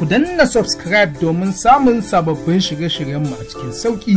ku danna subscribe domin samun sababbin shirye shiryen mu a cikin sauƙi.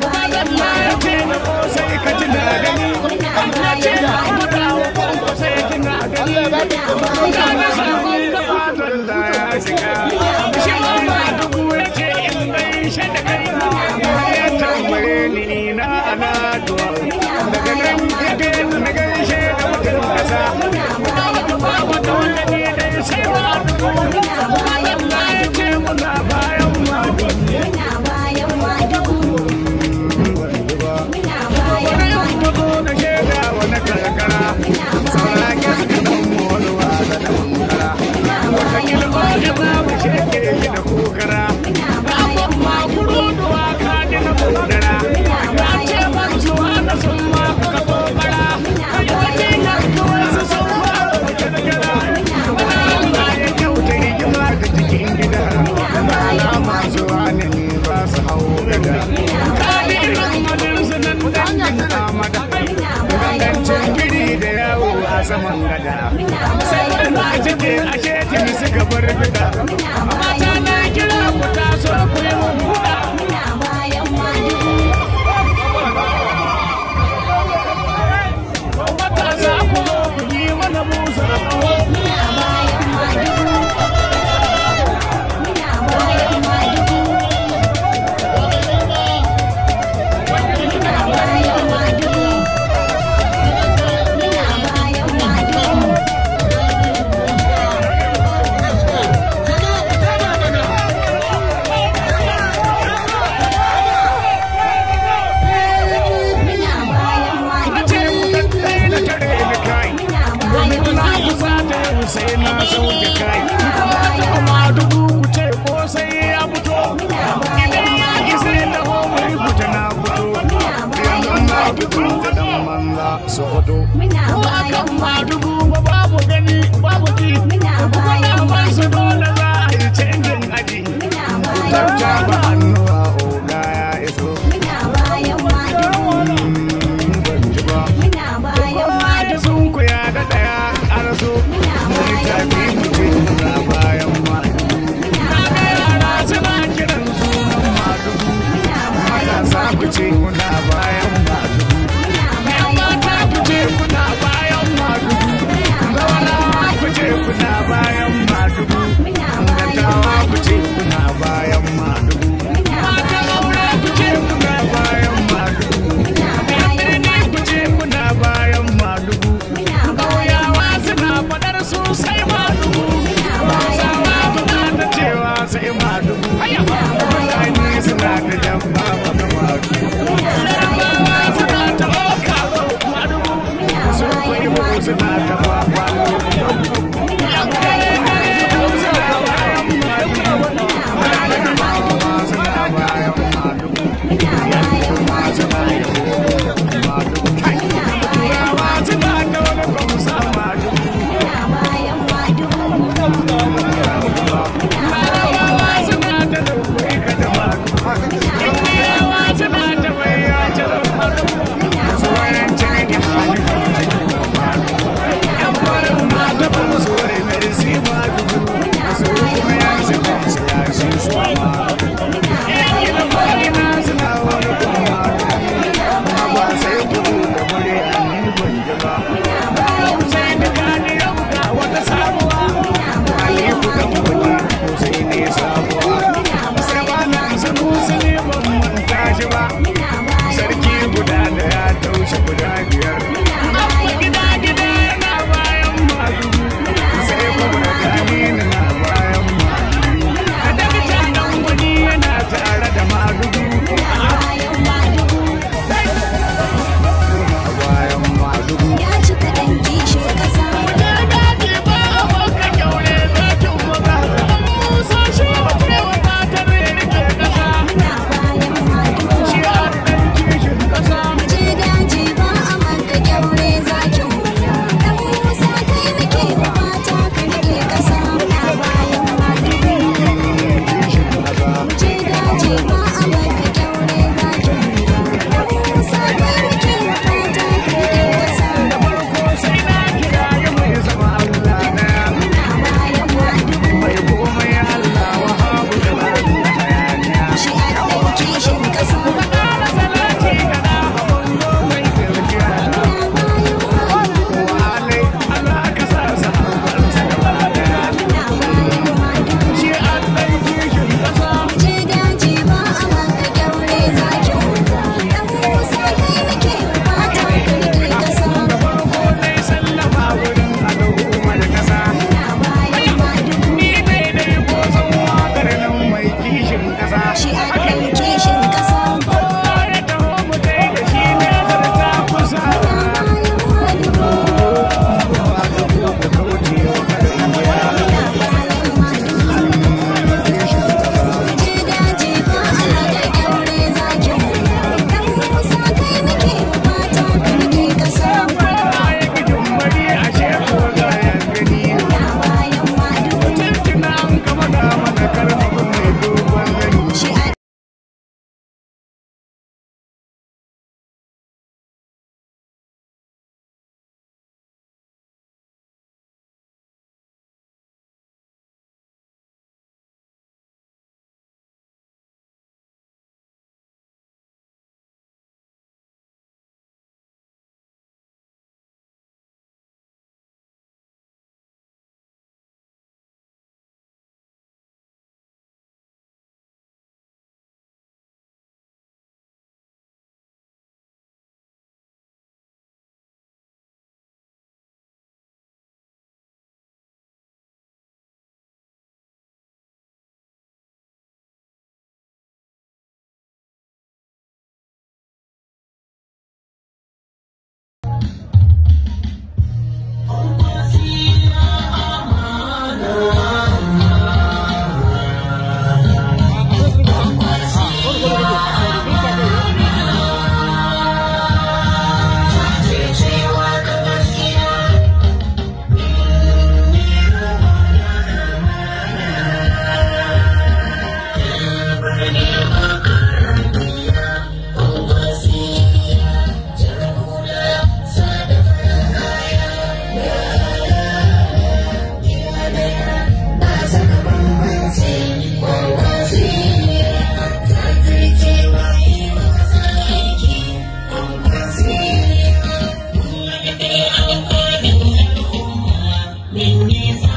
Beleza.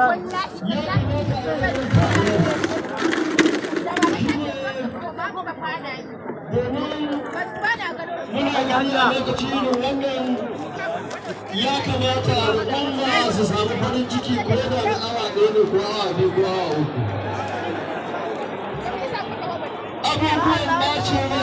ya kamata al'umma su samu farin ciki ko da na awa ɗaya ne ko awa biyu ko awa uku abubuwan dacewa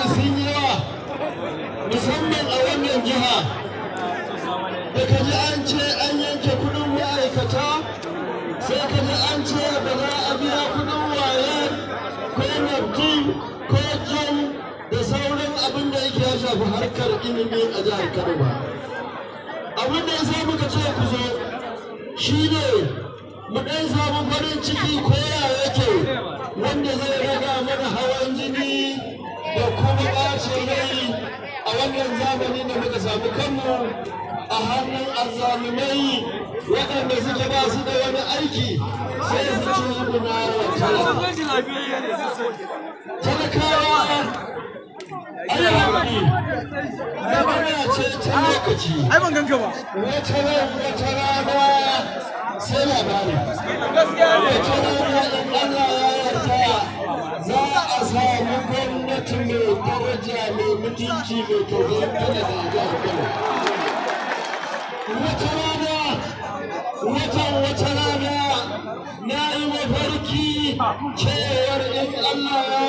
shafi harkar ilimi a jihar Kano ba. Abin da ya sa muka ce ku zo shi ne mu ɗan samu farin ciki ko yake wanda zai raga mana hawan jini da kuma ɓace rai a wannan zamani da muka samu kanmu a hannun azzalumai waɗanda suke ba su da wani aiki sai su ci muna talakawa ai ban ganka ba wata wata sai wata Allah ya za a samu gwamnati mai daraja mai mutunci mai tozo kada da jihar wata rana watan wata rana na yi mafarki cewar in Allah ya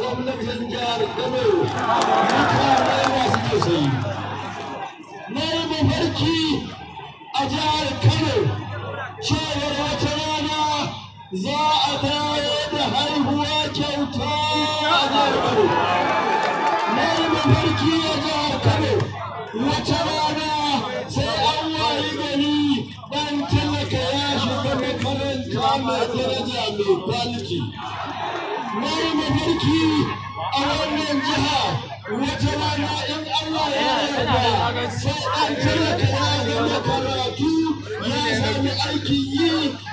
gwamnatin jihar Kano mutane masu tausayi. Na yi mafarki a jihar Kano cewar wata rana za a dawo da haihuwa kyauta a jihar Kano. Na yi mafarki a jihar Kano wata rana sai an wayi gari ɗan talaka ya shiga makaranta mai daraja mai kwaliki. mulki a wannan jiha wata rana in Allah ya yarda sai an talaka ya zama karatu ya sami aikin yi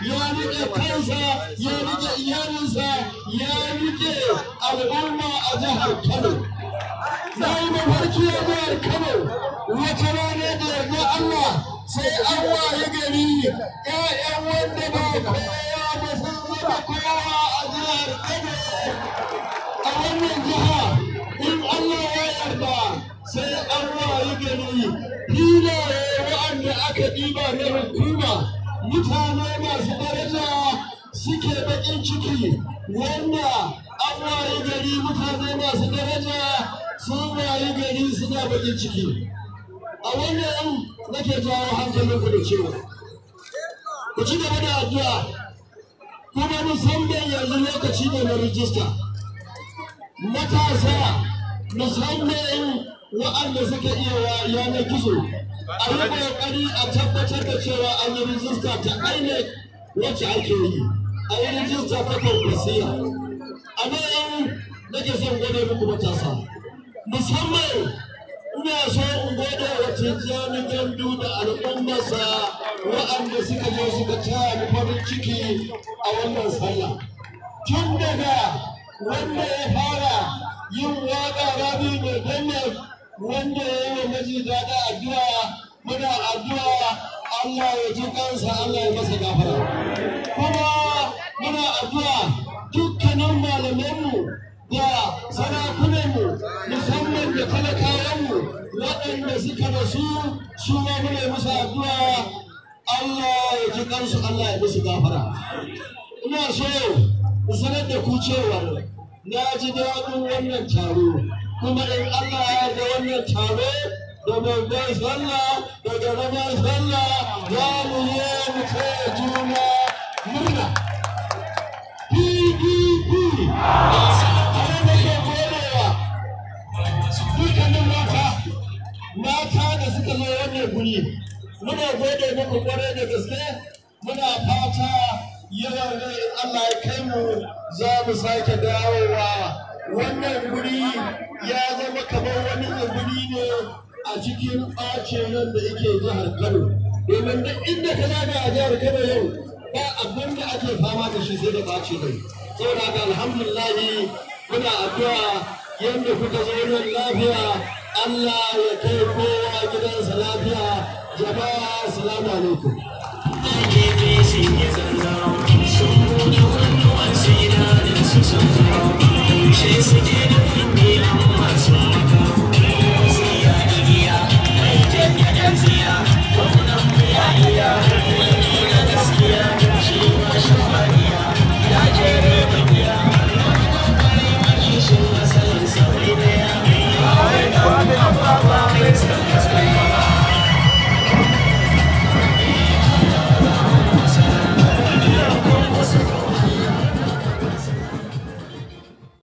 ya rike kansa ya rike iyalinsa ya rike al'umma a jihar Kano. Na yi mafarki a jihar Kano wata rana da yarda Allah sai an ya gari ‘ya'yan wanda ba kowa ba sun zama kowa a jihar Kano. wannan jiha in Allah ya yarda sai an wayi gari filaye wa'anda aka ɗiba na hukuma mutane masu daraja suke baƙin ciki wanda an wayi gari mutane masu daraja sun wayi gari suna baƙin ciki a wannan nake jawo hankalinku da cewa ku ci gaba da addu'a kuma musamman yanzu lokaci ne na rijista matasa musamman wa'anda suka iya wa yanar gizo a yi ƙoƙari a tabbatar da cewa an yi rijista ta INEC wacce ake yi a yi rijista ta kwankwasiya a nan nake son gwada muku matasa musamman ina so in gode wacce jami'an gandu da al'ummarsa wa'anda suka je suka ta ni farin ciki a wannan sallah tun daga wanda ya fara yin waka rabi mai gannan wanda ya yi wa majida da addu'a muna addu'a Allah ya ji kansa Allah ya masa gafara kuma muna addu'a dukkanin malamanmu da sarakunanmu musamman da talakawanmu waɗanda suka rasu su ma muna musu addu'a Allah ya ji kansu Allah ya musu gafara ina so Ku sanar da ku cewar na ji daɗin wannan taro kuma in Allah ya yarda wannan taro da babban sallah da garamar sallah za mu je mu taya juna murna PDP da mata mata da suka zo wannan guri muna gode muku kwarai da gaske muna fata yau ne Allah ya kai mu za mu sake dawowa wannan guri ya zama kamar wani guri ne a cikin ɓace nan da yake jihar Kano domin duk inda ka zaga a jihar Kano yau ba abin da ake fama da shi sai da ɓace ne saboda haka alhamdulillahi muna addu'a yanda kuka zo nan lafiya Allah ya kai kowa gidansa lafiya jama'a assalamu alaikum